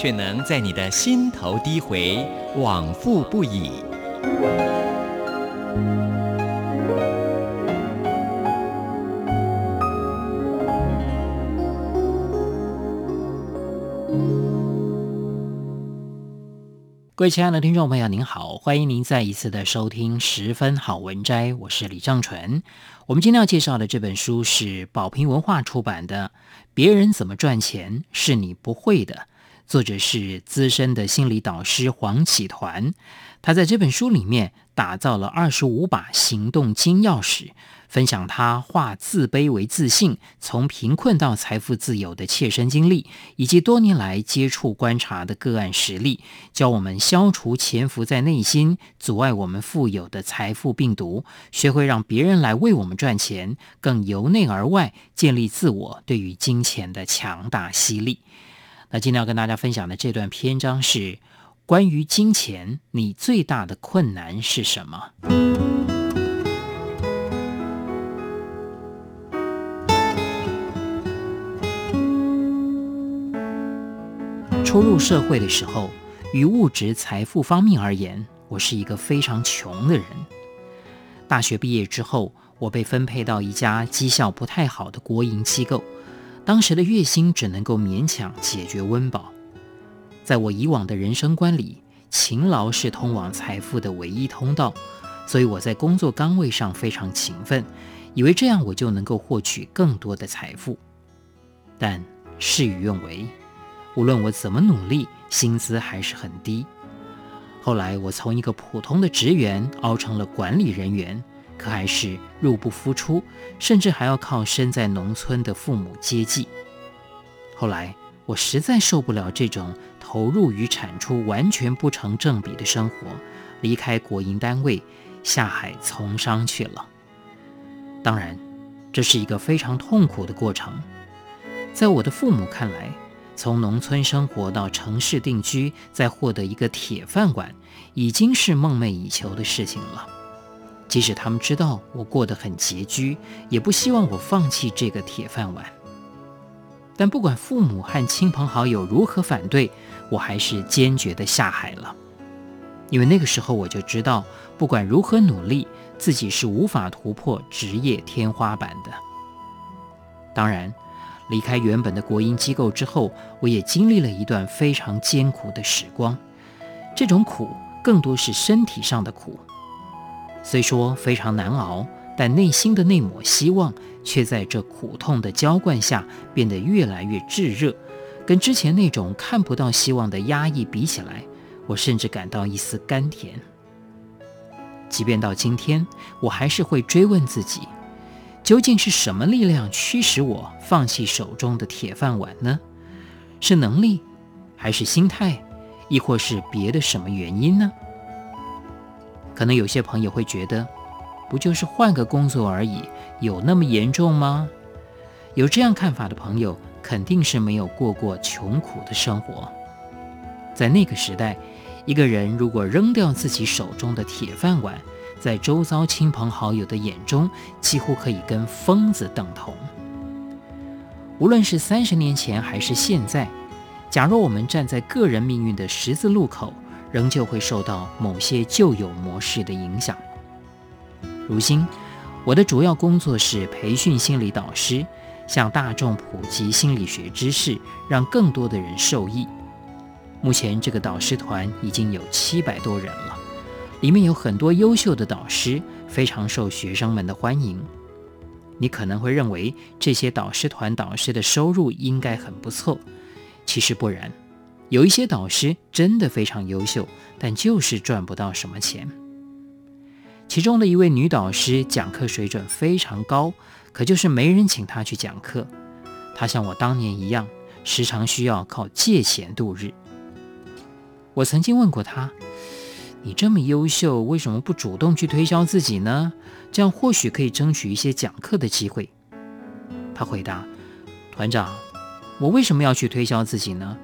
卻能在你的心頭低回，往復不已。各位親愛的聽眾朋友，您好，歡迎您再一次的收聽《十分好文摘》，我是李正淳。我們今天要介紹的這本書是寶瓶文化出版的《別人怎麼賺錢，是你不會的》。作者是資深的心理導師黃啟團，他在這本書裡面打造了二十五把行動金鑰匙，分享他化自卑為自信、從貧困到財富自由的切身經歷，以及多年來接觸觀察的個案實例，教我們消除潛伏在內心阻礙我們富有的財富病毒，學會讓別人來為我們賺錢，更由內而外建立自我對於金錢的強大吸力。那今天要跟大家分享的這段篇章是關於金錢，你最大的困難是什麼？初入社會的時候，於物質財富方面而言，我是一個非常窮的人。大學畢業之後，我被分配到一家績效不太好的國營機構。當時的月薪只能夠勉強解決溫飽。在我以往的人生觀裡，勤勞是通往財富的唯一通道，所以我在工作崗位上非常勤奮，以為這樣我就能夠獲取更多的財富。但事與願違，無論我怎麼努力，薪資還是很低。後來，我從一個普通的職員熬成了管理人員。可還是入不敷出，甚至還要靠身在農村的父母接濟。後來我實在受不了這種投入與產出完全不成正比的生活，離開國營單位，下海從商去了。當然，這是一個非常痛苦的過程。在我的父母看來，從農村生活到城市定居，再獲得一個鐵飯碗，已經是夢寐以求的事情了。即使他們知道我過得很拮據，也不希望我放棄這個鐵飯碗。但不管父母和親朋好友如何反對，我還是堅決地下海了。因為那個時候我就知道，不管如何努力，自己是無法突破職業天花板的。當然，離開原本的國營機構之後，我也經歷了一段非常艱苦的時光。這種苦，更多是身體上的苦。雖說非常難熬，但內心的那抹希望卻在這苦痛的澆灌下變得越來越炙熱。跟之前那種看不到希望的壓抑比起來，我甚至感到一絲甘甜。即便到今天，我還是會追問自己：究竟是什麼力量驅使我放棄手中的鐵飯碗呢？是能力，還是心態，亦或是別的什麼原因呢？可能有些朋友會覺得，不就是換個工作而已，有那麼嚴重嗎？有這樣看法的朋友，肯定是沒有過過窮苦的生活。在那個時代，一個人如果扔掉自己手中的鐵飯碗，在周遭親朋好友的眼中，幾乎可以跟瘋子等同。無論是三十年前還是現在，假若我們站在個人命運的十字路口，仍舊會受到某些舊有模式的影響。如今，我的主要工作是培訓心理導師，向大眾普及心理學知識，讓更多的人受益。目前，這個導師團已經有七百多人了，裡面有很多優秀的導師，非常受學生們的歡迎。你可能會認為這些導師團導師的收入應該很不錯，其實不然。有一些導師真的非常優秀，但就是賺不到什麼錢。其中的一位女導師講課水準非常高，可就是沒人請她去講課。她像我當年一樣，時常需要靠借錢度日。我曾經問過她：“你這麼優秀，為什麼不主動去推銷自己呢？這樣或許可以爭取一些講課的機會。”她回答：“團長，我為什麼要去推銷自己呢？”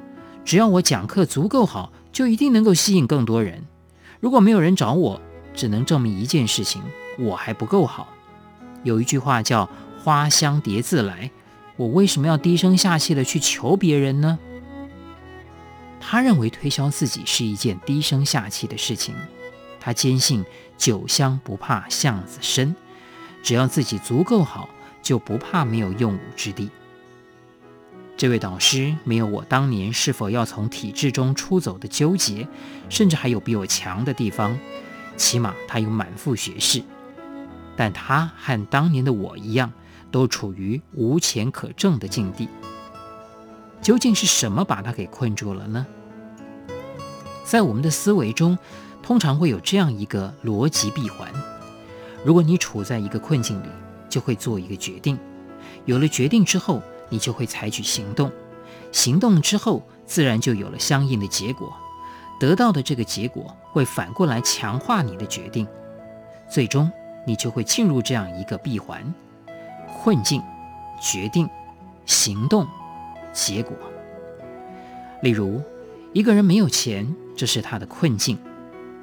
只要我講課足夠好，就一定能夠吸引更多人。如果沒有人找我，只能證明一件事情：我還不夠好。有一句話叫“花香蝶自來”，我為什麼要低聲下氣的去求別人呢？他認為推銷自己是一件低聲下氣的事情。他堅信“酒香不怕巷子深”，只要自己足夠好，就不怕沒有用武之地。這位導師沒有我當年是否要從體制中出走的糾結，甚至還有比我強的地方，起碼他有滿腹學識。但他和當年的我一樣，都處於無錢可掙的境地。究竟是什麼把他給困住了呢？在我們的思維中，通常會有這樣一個邏輯閉環：如果你處在一個困境裡，就會做一個決定；有了決定之後，你就會採取行動，行動之後自然就有了相應的結果，得到的這個結果會反過來強化你的決定，最終你就會進入這樣一個閉環：困境、決定、行動、結果。例如，一個人沒有錢，這是他的困境，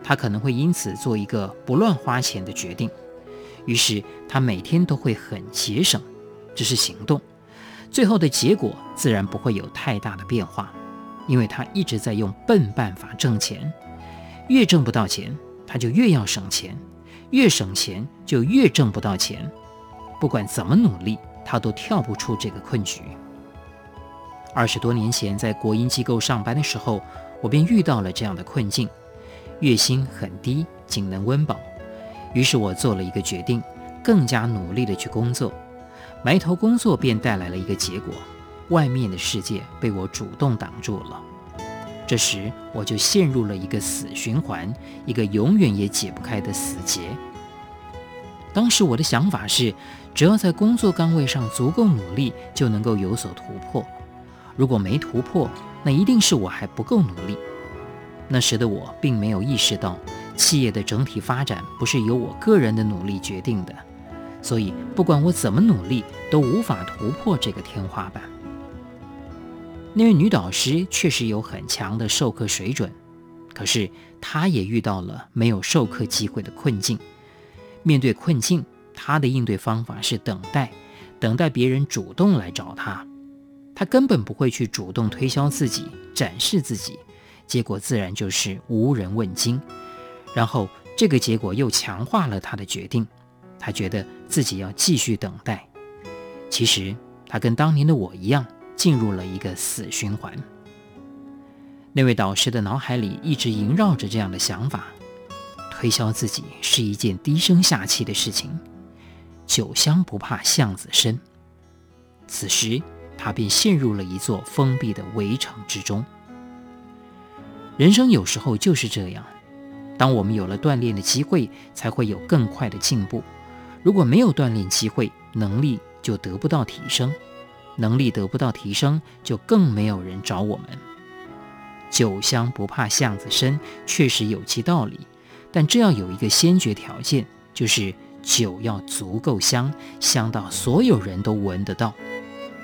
他可能會因此做一個不亂花錢的決定，於是他每天都會很節省，這是行動。最後的結果自然不會有太大的變化，因為他一直在用笨辦法掙錢，越掙不到錢，他就越要省錢，越省錢就越掙不到錢，不管怎麼努力，他都跳不出這個困局。二十多年前在國營機構上班的時候，我便遇到了這樣的困境，月薪很低，僅能溫飽，於是我做了一個決定，更加努力的去工作。埋頭工作便帶來了一個結果，外面的世界被我主動擋住了。這時我就陷入了一個死循環，一個永遠也解不開的死結。當時我的想法是，只要在工作崗位上足夠努力，就能夠有所突破。如果沒突破，那一定是我還不夠努力。那時的我並沒有意識到，企業的整體發展不是由我個人的努力決定的。所以，不管我怎麼努力，都無法突破這個天花板。那位女導師確實有很強的授課水準，可是她也遇到了沒有授課機會的困境。面對困境，她的應對方法是等待，等待別人主動來找她。她根本不會去主動推銷自己、展示自己，結果自然就是無人問津。然後，這個結果又強化了她的決定。他覺得自己要繼續等待，其實他跟當年的我一樣，進入了一個死循環。那位導師的腦海裡一直縈繞着這樣的想法：推銷自己是一件低聲下氣的事情，酒香不怕巷子深。此時他便陷入了一座封閉的圍城之中。人生有時候就是這樣，當我們有了鍛鍊的機會，才會有更快的進步。如果沒有鍛鍊機會，能力就得不到提升；能力得不到提升，就更沒有人找我們。酒香不怕巷子深，確實有其道理，但這要有一個先決條件，就是酒要足夠香，香到所有人都聞得到。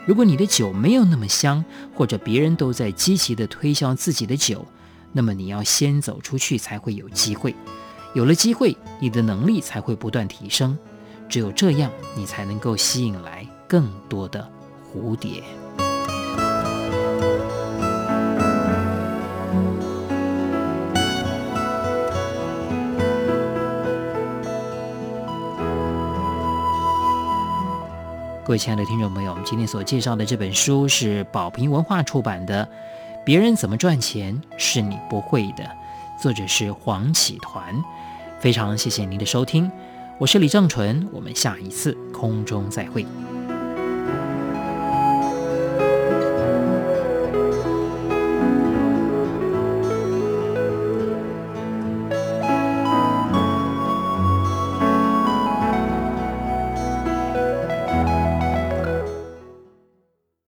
如果你的酒沒有那麼香，或者別人都在積極地推銷自己的酒，那麼你要先走出去才會有機會。有了機會，你的能力才會不斷提升。只有這樣，你才能夠吸引來更多的蝴蝶。各位親愛的聽眾朋友，我們今天所介紹的這本書是寶瓶文化出版的《別人怎麼賺錢，是你不會的》，作者是黃啟團。非常謝謝您的收聽。我是李正淳，我們下一次空中再會。